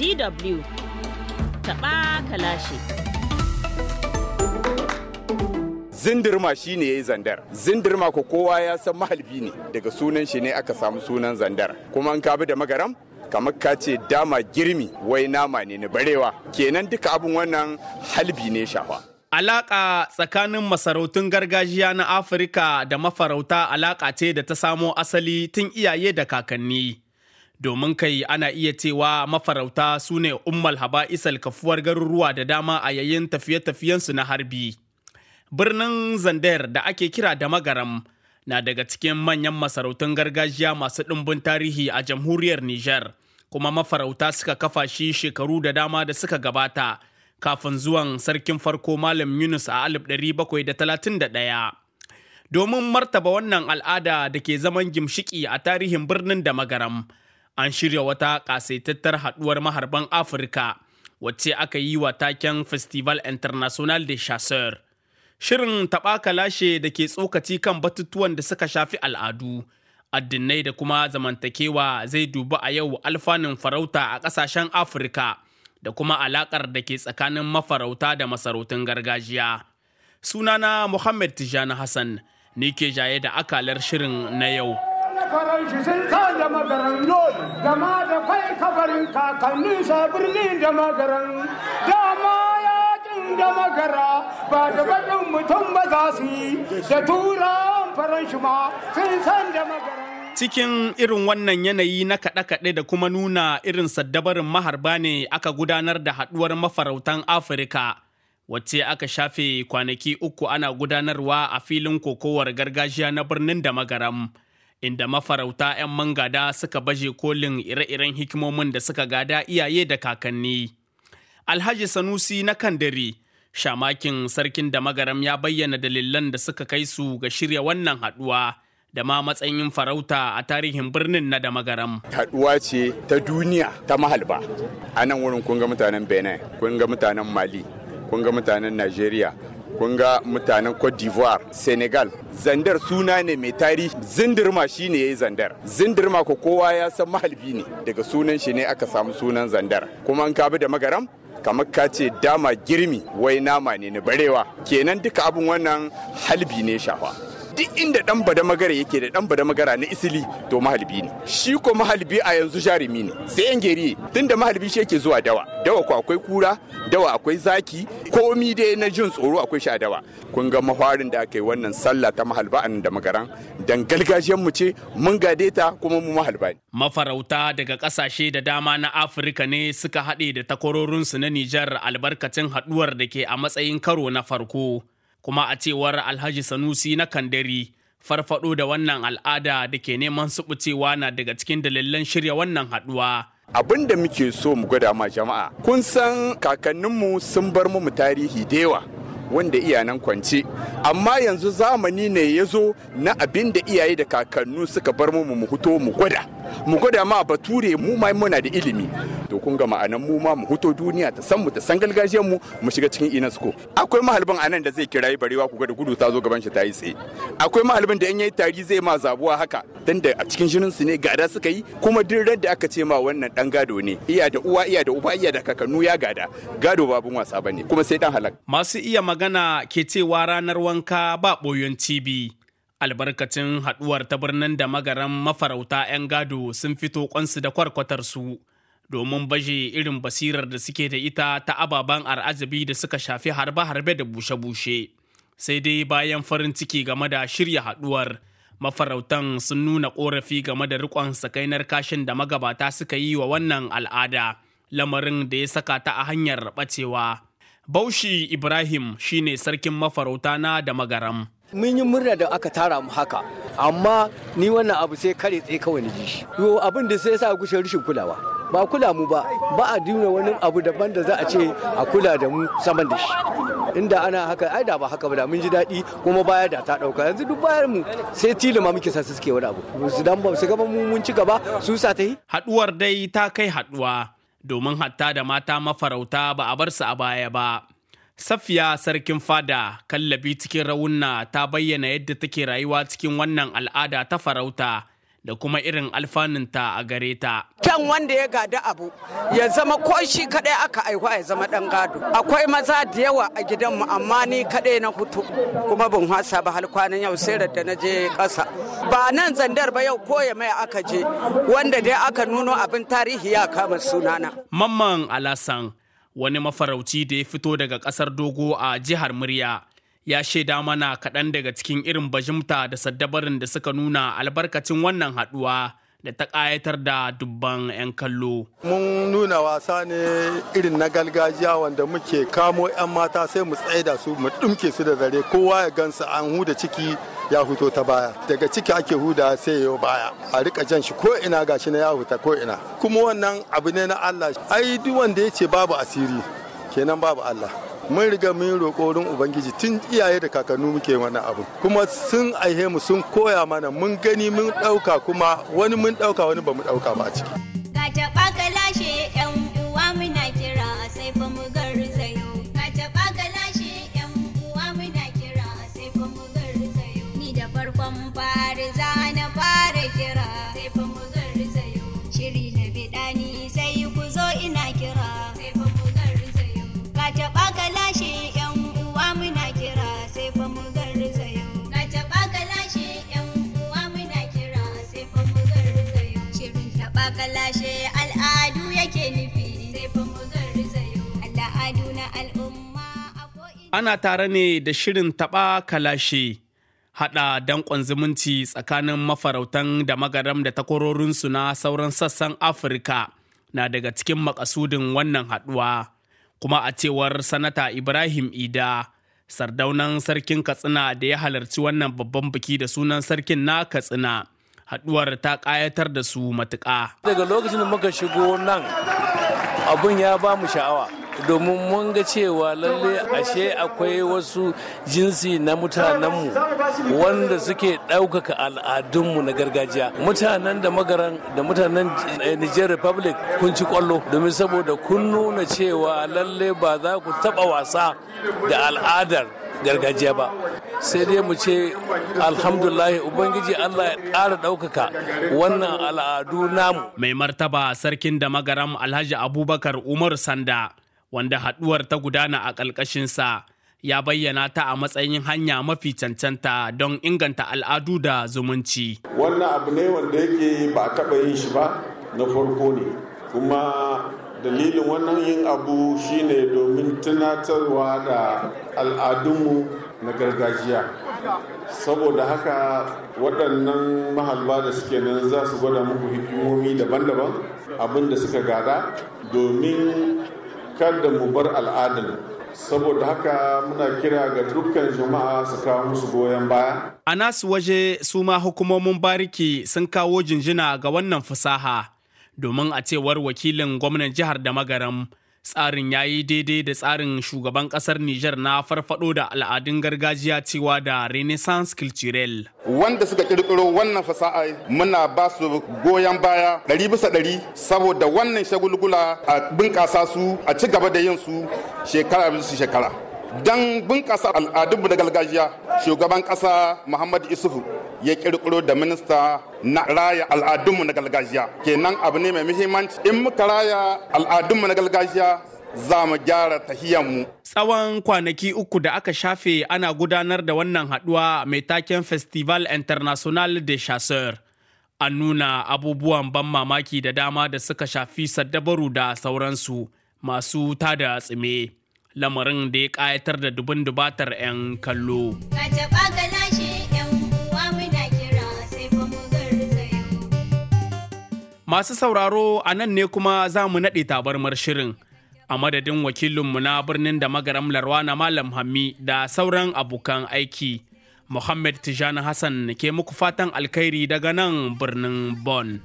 DW taɓa kalashe. Zindirma shi ne ya yi zandar. Zindirma ko kowa ya san mahalbi ne daga sunan shi ne aka samu sunan zandar. Kuma an kabi da magaram kamar ka ce dama girmi wai nama ne na barewa. Kenan duka abin wannan halbi ne shafa. Alaƙa tsakanin masarautun gargajiya na Afirka da mafarauta alaƙa ce da ta samo asali tun iyaye da kakanni. domin kai ana iya cewa mafarauta su ne ummal haba'isal kafuwar garuruwa da dama a yayin tafiye-tafiyensu na harbi birnin zandar da ake kira da magaram na daga cikin manyan masarautun gargajiya masu ɗumbin tarihi a jamhuriyar niger kuma mafarauta suka kafa shi shekaru da dama da suka gabata kafin zuwan sarkin farko malam yunus a 1731 domin martaba wannan al'ada da ke zaman gimshiki a tarihin birnin da magaram an shirya wata kasaitattar haɗuwar maharban afirka wacce aka yi wa taken festival international de chasseur shirin taɓaka lashe da ke tsokaci kan batutuwan da suka shafi al'adu addinai da kuma zamantakewa zai dubi a yau alfanun farauta a ƙasashen afirka da kuma alaƙar da ke tsakanin mafarauta da masarautun gargajiya sunana muhammad tijani hassan ni ke jaye da akalar shirin na yau magaran gama da kai kabarin kakannin sa da magaran dama yakin da magara ba da bakin mutum ba za su yi da turan shi ma sun san da magaran cikin irin wannan yanayi na kaɗe-kaɗe da kuma nuna irin saddabarin maharba ne aka gudanar da haɗuwar mafarautan afirka wacce aka shafe kwanaki uku ana gudanarwa a filin kokowar gargajiya na birnin da magaram. inda mafarauta 'yan mangada suka baje kolin ire-iren hikimomin da suka gada iyaye da kakanni. Alhaji Sanusi na Kandari, shamakin sarkin da magaram ya bayyana dalilan da suka kai su ga shirya wannan haɗuwa. da ma matsayin farauta a tarihin birnin na da magaram. Haɗuwa ce ta duniya ta mahalba. A nan wurin kun ga mutanen Benin, kun ga mutanen Mali, kun ga mutanen Najeriya, kun ga mutanen Cote d'Ivoire, Senegal. Zandar suna ne mai tarihi, zindirma shi ne ya yi zandar. Zindirma ko kowa ya san mahalbi ne, daga sunan shi ne aka samu sunan zandar. Kuma an kabi da magaram, kamar ka ce dama girmi wai nama ne na barewa. Kenan duka abin wannan halbi ne shafa. duk inda dan badamagara yake da dan magara na isili to mahalbi ne shi ko mahalbi a yanzu jarumi ne sai yan geri tunda mahalbi shi yake zuwa dawa dawa ko akwai kura dawa akwai zaki komi dai na jin tsoro akwai sha dawa kun ga mahwarin da aka yi wannan sallah ta mahalba an da magaran dan galgajiyar mu ce mun gade ta kuma mu mahalba ne mafarauta daga kasashe da dama na afirka ne suka haɗe da takwarorinsu na nijar albarkacin haɗuwar da ke a matsayin karo na farko kuma a cewar alhaji sanusi na kandari farfado da wannan al'ada da ke neman subucewa na daga cikin dalilan shirya wannan haduwa abin da muke so mu gwada ma jama'a kun san kakanninmu sun bar mu tarihi da yawa wanda iyanan kwance amma yanzu zamani ne ya zo na abin da iyaye da kakannu suka bar mu mu huto mu gwada mu gwada ma bature mu ma muna da ilimi to kun ga ma'anan mu ma mu huto duniya ta san mu ta san gargajiyar mu mu shiga cikin UNESCO akwai mahalbin anan da zai kirayi barewa ku ga da gudu ta zo gaban shi ta yi tsaye akwai mahalbin da in yayi tari zai ma zabuwa haka da a cikin jinin su ne gada suka yi kuma duk ran da aka ce ma wannan dan gado ne iya da uwa iya da uba iya da kakannu ya gada gado babun wasa bane kuma sai dan halak masu iya magana ke cewa ranar wanka ba boyon TV albarkacin haduwar ta birnin da magaran mafarauta 'yan gado sun fito kwansu da kwarkwatarsu domin baje irin basirar da suke da ita ta ababen al'ajabi da suka shafi harbe-harbe da bushe-bushe sai dai bayan farin ciki game da shirya haduwar mafarautan sun nuna korafi game da rikon sakainar kashin da magabata suka yi wa wannan al'ada lamarin da ya saka ta a hanyar bacewa baushi ibrahim shine sarkin mafarauta na da magaram mun yi murna da aka tara mu haka amma ni wannan abu sai kare tsaye kawai ni ji shi abin da sai sa gushe rishin kulawa ba kula mu ba ba a duna wani abu daban da za a ce a kula da mu saman da shi inda ana haka ai da ba haka ba da mun ji daɗi kuma baya da ta ɗauka yanzu duk bayan mu sai ma muke sa su suke wani abu su dan ba su gaba mu mun ci gaba su sa ta yi haduwar dai ta kai haɗuwa domin hatta da mata mafarauta ba a bar su a baya ba Safiya sarkin fada kallabi cikin raunna ta bayyana yadda take rayuwa cikin wannan al'ada ta farauta da kuma irin alfanunta a gare ta. Kyan wanda ya gada abu ya zama ko shi kadai aka aiwa ya zama dan gado. Akwai maza da yawa a gidanmu amma ni kadai na hutu kuma ban wasa ba hal kwanan yau sai da na je kasa. Ba nan zandar ba yau ko ya mai aka je wanda dai aka nuno abin tarihi ya kama sunana. Mamman Alasan wani mafarauci da ya fito daga kasar Dogo a jihar Murya. ya shaida mana kaɗan daga cikin irin bajimta da saddabarin da suka nuna albarkacin wannan haɗuwa da ta ƙayatar da dubban 'yan kallo. Mun nuna wasa ne irin na galgajiya wanda muke kamo 'yan mata sai mu tsaye da su mu ɗumke su da dare kowa ya gansu an huda ciki ya huto ta baya daga ciki ake huda sai ya baya a rika jan shi ko ina gashi na ya huta ko ina kuma wannan abu ne na Allah ai duk wanda ya ce babu asiri kenan babu Allah mun riga mun roƙo wurin ubangiji tun iyaye da kakannu muke wani abu kuma sun aihe mu sun koya mana mun gani mun ɗauka kuma wani mun ɗauka wani ba mu ɗauka ba a ciki ana tare ne da shirin taɓa kalashe haɗa danƙon zumunci tsakanin mafarautan da magaram da takwarorinsu na sauran sassan afirka na daga cikin makasudin wannan haɗuwa kuma a cewar sanata ibrahim ida sardaunan sarkin katsina da ya halarci wannan babban biki da sunan sarkin na katsina haɗuwar ta ƙayatar da su matuƙa daga lokacin da muka shigo nan abun ya ba mu sha'awa domin mun ga cewa lalle ashe akwai wasu jinsi na mutanenmu wanda suke ɗaukaka al'adunmu na gargajiya mutanen da magaran da mutanen eh, niger republic kun ci kwallo domin saboda kun nuna cewa lalle ba za ku taɓa wasa da al'adar gargajiya ba sai dai mu ce alhamdulahi ubangiji allah ya ƙara ɗaukaka wannan al'adu namu mai martaba sarkin da magaram alhaji abubakar umar sanda wanda haɗuwar ta gudana a ƙalƙashinsa ya bayyana ta a matsayin hanya mafi cancanta don inganta al'adu da zumunci. Wannan abu ne wanda yake ba a taɓa yin shi ba na farko ne, kuma dalilin wannan yin abu shine domin tunatarwa da al'adunmu na gargajiya. Saboda haka waɗannan mahalba da suke nan za su gwada muku hikimomi daban-daban abin da suka gada domin kada mu bar al'adun saboda haka muna kira ga dukkan jama'a su kawo musu goyon baya a nasu waje su ma hukumomin bariki sun kawo jinjina ga wannan fasaha domin a cewar wakilin gwamnan jihar da magaram tsarin ya yi daidai da tsarin shugaban kasar Nijar na farfado da al'adun gargajiya cewa da Renaissance cultural. Wanda suka kirkiro wannan fasaha muna ba su goyon baya ɗari bisa ɗari saboda wannan shagulgula a bunƙasa su a ci gaba da yin su shekara bisa shekara. Dan bunƙasa al'adunmu na gargajiya shugaban ƙasa muhammadu isufu ya ƙirƙiro da minista na raya al'adunmu na gargajiya kenan abu ne mai muhimmanci in muka raya al'adunmu na gargajiya za mu gyara tahiyanmu. Tsawon kwanaki uku da aka shafe ana gudanar da wannan haɗuwa mai taken Festival International de Chasseur. An nuna abubuwan ban mamaki da dama da suka shafi saddabaru da sauransu masu tada tsime. lamarin da ya ƙayatar da dubin dubatar 'yan kallo. Masu sauraro a nan ne kuma za mu naɗe tabarmar shirin. A madadin wakilinmu na birnin da magaram na Malam Hammi da sauran abokan aiki. Muhammad Tijani Hassan ke muku fatan alkhairi daga nan birnin Bonn.